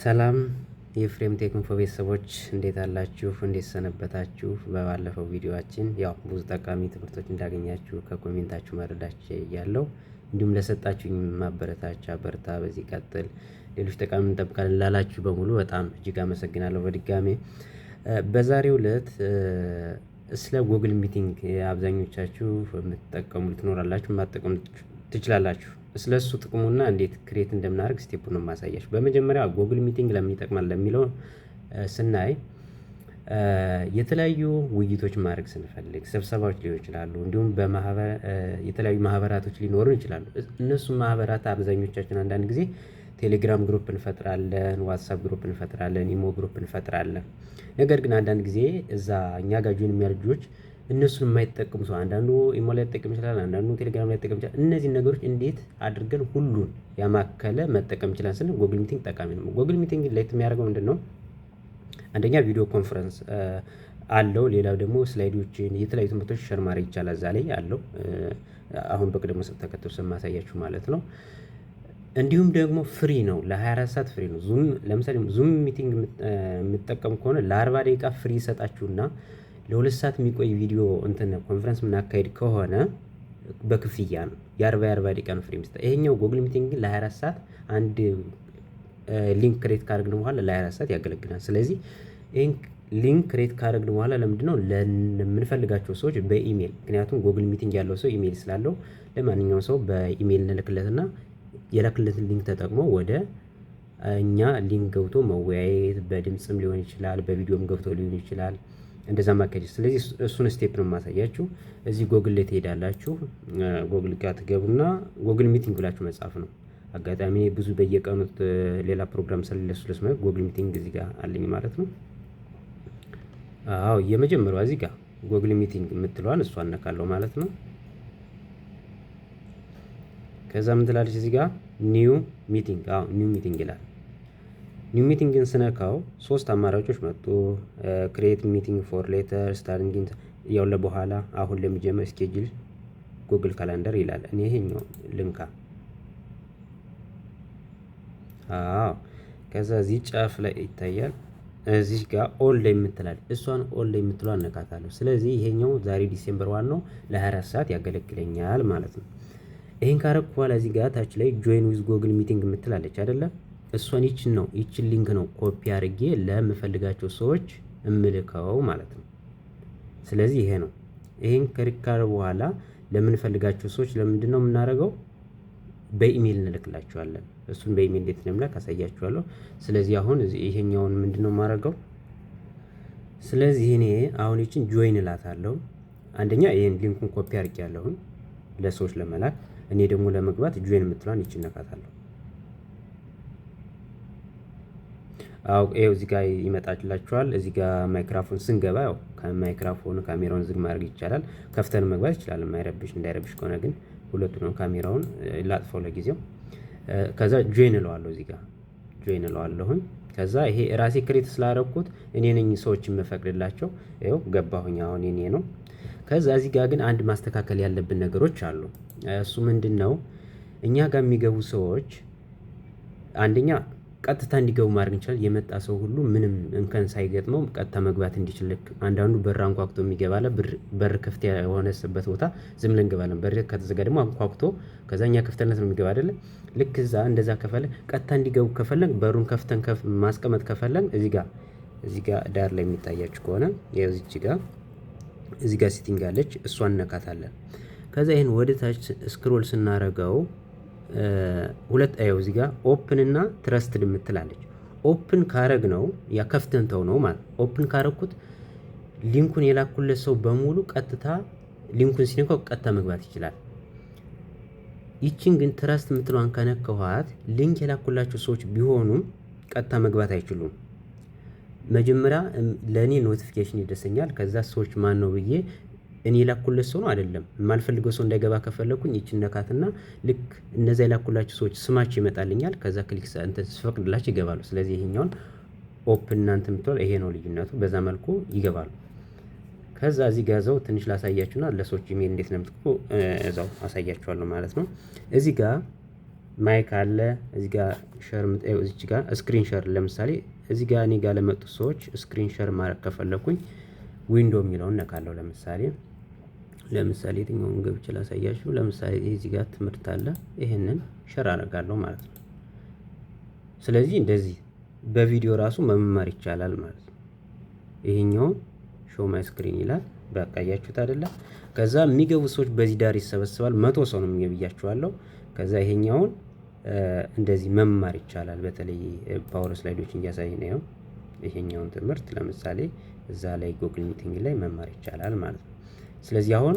ሰላም የፍሬም ቴክ ኢንፎ ቤተሰቦች እንዴት አላችሁ? እንዴት ሰነበታችሁ? በባለፈው ቪዲዮችን ያው ብዙ ጠቃሚ ትምህርቶች እንዳገኛችሁ ከኮሜንታችሁ መረዳት ችያለሁ። እንዲሁም ለሰጣችሁኝ ማበረታቻ በርታ፣ በዚህ ቀጥል፣ ሌሎች ጠቃሚ እንጠብቃለን ላላችሁ በሙሉ በጣም እጅግ አመሰግናለሁ። በድጋሜ በዛሬው ዕለት ስለ ጉግል ሚቲንግ አብዛኞቻችሁ የምትጠቀሙ ትኖራላችሁ፣ ማጠቀም ትችላላችሁ ስለ እሱ ጥቅሙና እንዴት ክሬት እንደምናደርግ ስቴፕ ነው በመጀመሪያ ጉግል ሚቲንግ ለምን ይጠቅማል ለሚለው ስናይ የተለያዩ ውይይቶች ማድረግ ስንፈልግ ስብሰባዎች ሊሆን ይችላሉ። እንዲሁም የተለያዩ ማህበራቶች ሊኖሩ ይችላሉ። እነሱ ማህበራት አብዛኞቻችን አንዳንድ ጊዜ ቴሌግራም ግሩፕ እንፈጥራለን፣ ዋትሳፕ ግሩፕ እንፈጥራለን፣ ኢሞ ግሩፕ እንፈጥራለን። ነገር ግን አንዳንድ ጊዜ እዛ እኛ ጋር የሚያልጆች እነሱን የማይጠቀሙ ሰው አንዳንዱ ኢሞ ላይ ሊጠቀም ይችላል፣ አንዳንዱ ቴሌግራም ላይ ሊጠቀም ይችላል። እነዚህ ነገሮች እንዴት አድርገን ሁሉን ያማከለ መጠቀም ይችላል ስንል ጎግል ሚቲንግ ጠቃሚ ነው። ጎግል ሚቲንግ ላይ የሚያደርገው ምንድን ነው? አንደኛ ቪዲዮ ኮንፈረንስ አለው። ሌላው ደግሞ ስላይዶችን የተለያዩ ትምህርቶች ሸር ማድረግ ይቻላል እዛ ላይ አለው። አሁን በቅደም ተከተሉ ስማሳያችሁ ማለት ነው። እንዲሁም ደግሞ ፍሪ ነው፣ ለ24 ሰዓት ፍሪ ነው። ዙም ለምሳሌ ዙም ሚቲንግ የምጠቀም ከሆነ ለ40 ደቂቃ ፍሪ ይሰጣችሁና ለሁለት ሰዓት የሚቆይ ቪዲዮ እንትን ኮንፈረንስ ምናካሄድ ከሆነ በክፍያ ነው። የአርባ የአርባ ደቂቃ ነው ፍሪ ምስጠ ይሄኛው ጎግል ሚቲንግ ግን ለ24 ሰዓት አንድ ሊንክ ክሬት ካደረግን በኋላ ለ24 ሰዓት ያገለግላል። ስለዚህ ይህን ሊንክ ክሬት ካደረግን በኋላ ነው ለምንፈልጋቸው ሰዎች በኢሜይል ምክንያቱም ጎግል ሚቲንግ ያለው ሰው ኢሜይል ስላለው ለማንኛውም ሰው በኢሜይል እንልክለትና የላክለትን ሊንክ ተጠቅሞ ወደ እኛ ሊንክ ገብቶ መወያየት በድምፅም ሊሆን ይችላል፣ በቪዲዮም ገብቶ ሊሆን ይችላል። እንደዛ ማካሄድ። ስለዚህ እሱን ስቴፕ ነው የማሳያችሁ። እዚህ ጎግል ላይ ትሄዳላችሁ። ጎግል ጋር ትገቡና ጎግል ሚቲንግ ብላችሁ መጻፍ ነው። አጋጣሚ ብዙ በየቀኑት ሌላ ፕሮግራም ስለሌለሱ ለስ ማለት ጎግል ሚቲንግ እዚህ ጋር አለኝ ማለት ነው። አዎ የመጀመሪያዋ እዚህ ጋር ጎግል ሚቲንግ የምትለዋን እሷ አነካለሁ ማለት ነው። ከዛ ምን ትላለች እዚህ ጋር ኒው ሚቲንግ። አዎ ኒው ሚቲንግ ይላል። ኒው ሚቲንግን ስነካው ሶስት አማራጮች መጡ። ክሬት ሚቲንግ ፎር ሌተር፣ ስታርንግ ያው ለበኋላ፣ አሁን ለሚጀምር ስኬጅል፣ ጉግል ካላንደር ይላል። እኔ ይሄኛው ልንካ። አዎ ከዛ እዚህ ጫፍ ላይ ይታያል። እዚህ ጋር ኦል ላይ የምትላል እሷን ኦል ላይ የምትሏ አነካታለሁ። ስለዚህ ይሄኛው ዛሬ ዲሴምበር ዋን ነው ለ24 ሰዓት ያገለግለኛል ማለት ነው። ይህን ካረኩ በኋላ እዚህ ጋር ታች ላይ ጆይን ዊዝ ጎግል ሚቲንግ የምትላለች አይደለም እሷን ይችን ነው ይችን ሊንክ ነው ኮፒ አድርጌ ለምፈልጋቸው ሰዎች እምልከው ማለት ነው። ስለዚህ ይሄ ነው። ይሄን ከሪካር በኋላ ለምንፈልጋቸው ሰዎች ለምንድን ነው የምናደርገው? በኢሜይል እንልክላቸዋለን። እሱን በኢሜይል እንዴት እንደምላክ አሳያችኋለሁ። ስለዚህ አሁን ይሄኛውን ምንድን ነው የማደርገው? ስለዚህ እኔ አሁን ይችን ጆይን እላታለሁ። አንደኛ ይሄን ሊንኩን ኮፒ አድርጌ ያለሁን ለሰዎች ለመላክ እኔ ደግሞ ለመግባት ጆይን የምትሏን ይችን ነካታለሁ። ይሄው እዚህ ጋር ይመጣላችኋል። እዚህ ጋር ማይክራፎን ስንገባ ያው ከማይክራፎኑ ካሜራውን ዝግ ማድረግ ይቻላል። ከፍተን መግባት ይችላል። ማይረብሽ እንዳይረብሽ ከሆነ ግን ሁለቱ ነው ካሜራውን ላጥፈው ለጊዜው። ከዛ ጆይን እለዋለሁ እዚህ ጋር ጆይን እለዋለሁኝ። ከዛ ይሄ ራሴ ክሬት ስላደረኩት እኔ ነኝ ሰዎች የምፈቅድላቸው። ይኸው ገባሁኝ። አሁን እኔ ነው። ከዛ እዚህ ጋር ግን አንድ ማስተካከል ያለብን ነገሮች አሉ። እሱ ምንድን ነው እኛ ጋር የሚገቡ ሰዎች አንደኛ ቀጥታ እንዲገቡ ማድረግ እንችላል። የመጣ ሰው ሁሉ ምንም እንከን ሳይገጥመው ቀጥታ መግባት እንዲችል ልክ አንዳንዱ በር አንኳኩቶ የሚገባለ በር ክፍት የሆነበት ቦታ ዝም ብለን እንገባለን። በር ከተዘጋ ደግሞ አንኳኩቶ ከዛኛ ክፍትነት ነው የሚገባ አይደለ? ልክ እዛ እንደዛ ከፈለ ቀጥታ እንዲገቡ ከፈለን በሩን ከፍተን ማስቀመጥ ከፈለን እዚህ ጋር እዚህ ጋር ዳር ላይ የሚታያችሁ ከሆነ የዚች ጋር እዚህ ጋር ሲቲንግ አለች። እሷን እነካታለን። ከዛ ይህን ወደ ታች ስክሮል ስናረገው ሁለት አየው እዚህ ጋር ኦፕን እና ትረስትድ የምትላለች ኦፕን ካረግ ነው ያከፍተን ተው ነው ማለት ኦፕን ካረግኩት ሊንኩን የላኩለት ሰው በሙሉ ቀጥታ ሊንኩን ሲነካው ቀጥታ መግባት ይችላል። ይችን ግን ትረስት የምትለዋን ከነካኋት ሊንክ የላኩላቸው ሰዎች ቢሆኑም ቀጥታ መግባት አይችሉም። መጀመሪያ ለእኔ ኖቲፊኬሽን ይደርሰኛል። ከዛ ሰዎች ማን ነው ብዬ እኔ የላኩለት ሰው ነው አይደለም። የማልፈልገው ሰው እንዳይገባ ከፈለኩኝ ይችን ነካትና ልክ እነዚ የላኩላቸው ሰዎች ስማቸው ይመጣልኛል። ከዛ ክሊክ ስፈቅድላቸው ይገባሉ። ስለዚህ ይሄኛውን ኦፕ እናንተ የምትል ይሄ ነው ልዩነቱ። በዛ መልኩ ይገባሉ። ከዛ እዚህ ጋር እዛው ትንሽ ላሳያችሁና ለሰዎች ኢሜል እንዴት ነው የምትኩ እዛው አሳያችኋለሁ ማለት ነው። እዚህ ጋር ማይክ አለ። እዚህ ጋር ሸር ምጣዩ እዚች ጋር ስክሪን ሸር ለምሳሌ እዚህ ጋር እኔ ጋር ለመጡ ሰዎች ስክሪን ሸር ማድረግ ከፈለኩኝ ዊንዶ የሚለውን ነካለሁ ለምሳሌ ለምሳሌ የትኛውን ገብቼ ላሳያችሁ። ለምሳሌ እዚህ ጋር ትምህርት አለ። ይህንን ሸር አደርጋለሁ ማለት ነው። ስለዚህ እንደዚህ በቪዲዮ ራሱ መማር ይቻላል ማለት ነው። ይሄኛውን ሾው ማይ ስክሪን ይላል። በቃያችሁት አይደለ? ከዛ የሚገቡ ሰዎች በዚህ ዳር ይሰበስባል። መቶ ሰው ነው የሚገብ ከዛ ይሄኛውን እንደዚህ መማር ይቻላል። በተለይ ፓወር ስላይዶች እያሳይ ነው። ይሄኛውን ትምህርት ለምሳሌ እዛ ላይ ጉግል ሚቲንግ ላይ መማር ይቻላል ማለት ነው። ስለዚህ አሁን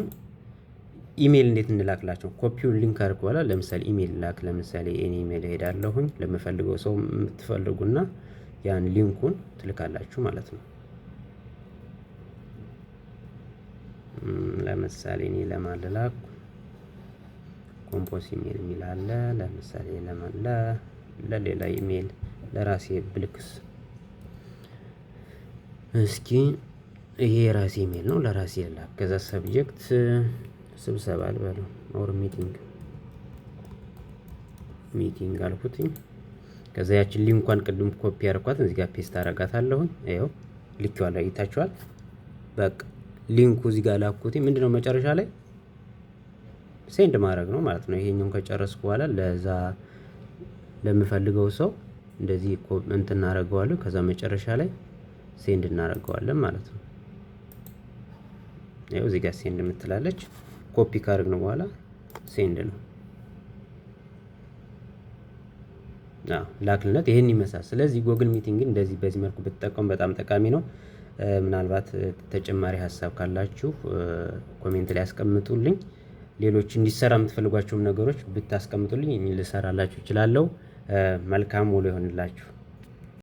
ኢሜይል እንዴት እንላክላቸው? ኮፒውን ሊንክ አድርግ በኋላ ለምሳሌ ኢሜይል ላክ። ለምሳሌ እኔ ኢሜይል ሄዳለሁኝ ለምፈልገው ሰው የምትፈልጉና ያን ሊንኩን ትልካላችሁ ማለት ነው። ለምሳሌ እኔ ለማን ልላክ? ኮምፖስ ኢሜይል የሚል አለ። ለምሳሌ ለማን ለሌላ ኢሜይል ለራሴ ብልክስ እስኪ ይሄ የራሴ ሜል ነው ለራሴ ያላክ። ከዛ ሰብጀክት ስብሰባ አልበለው ኦር ሚቲንግ ሚቲንግ አልኩትኝ። ከዛ ያችን ሊንኳን ቅድም ኮፒ አርኳት እዚህ ጋር ፔስት አረጋታለሁኝ። ይኸው ልኬዋለሁ፣ አይታችኋል። በቃ ሊንኩ እዚህ ጋር ላኩትኝ። ምንድነው መጨረሻ ላይ ሴንድ ማድረግ ነው ማለት ነው። ይሄኛውን ከጨረስኩ በኋላ ለዛ ለምፈልገው ሰው እንደዚህ እንትን እናደርገዋለሁ። ከዛ መጨረሻ ላይ ሴንድ እናደርገዋለን ማለት ነው። ያው እዚህ ጋር ሴንድ የምትላለች ኮፒ ካርግ ነው በኋላ ሴንድ ነው ላክልነት ይህን ይመስላል። ስለዚህ ጎግል ሚቲንግ እንደዚህ በዚህ መልኩ ብትጠቀሙ በጣም ጠቃሚ ነው። ምናልባት ተጨማሪ ሀሳብ ካላችሁ ኮሜንት ላይ ያስቀምጡልኝ። ሌሎች እንዲሰራ የምትፈልጓቸውም ነገሮች ብታስቀምጡልኝ ልሰራላችሁ እችላለሁ። መልካም ውሎ ይሆንላችሁ።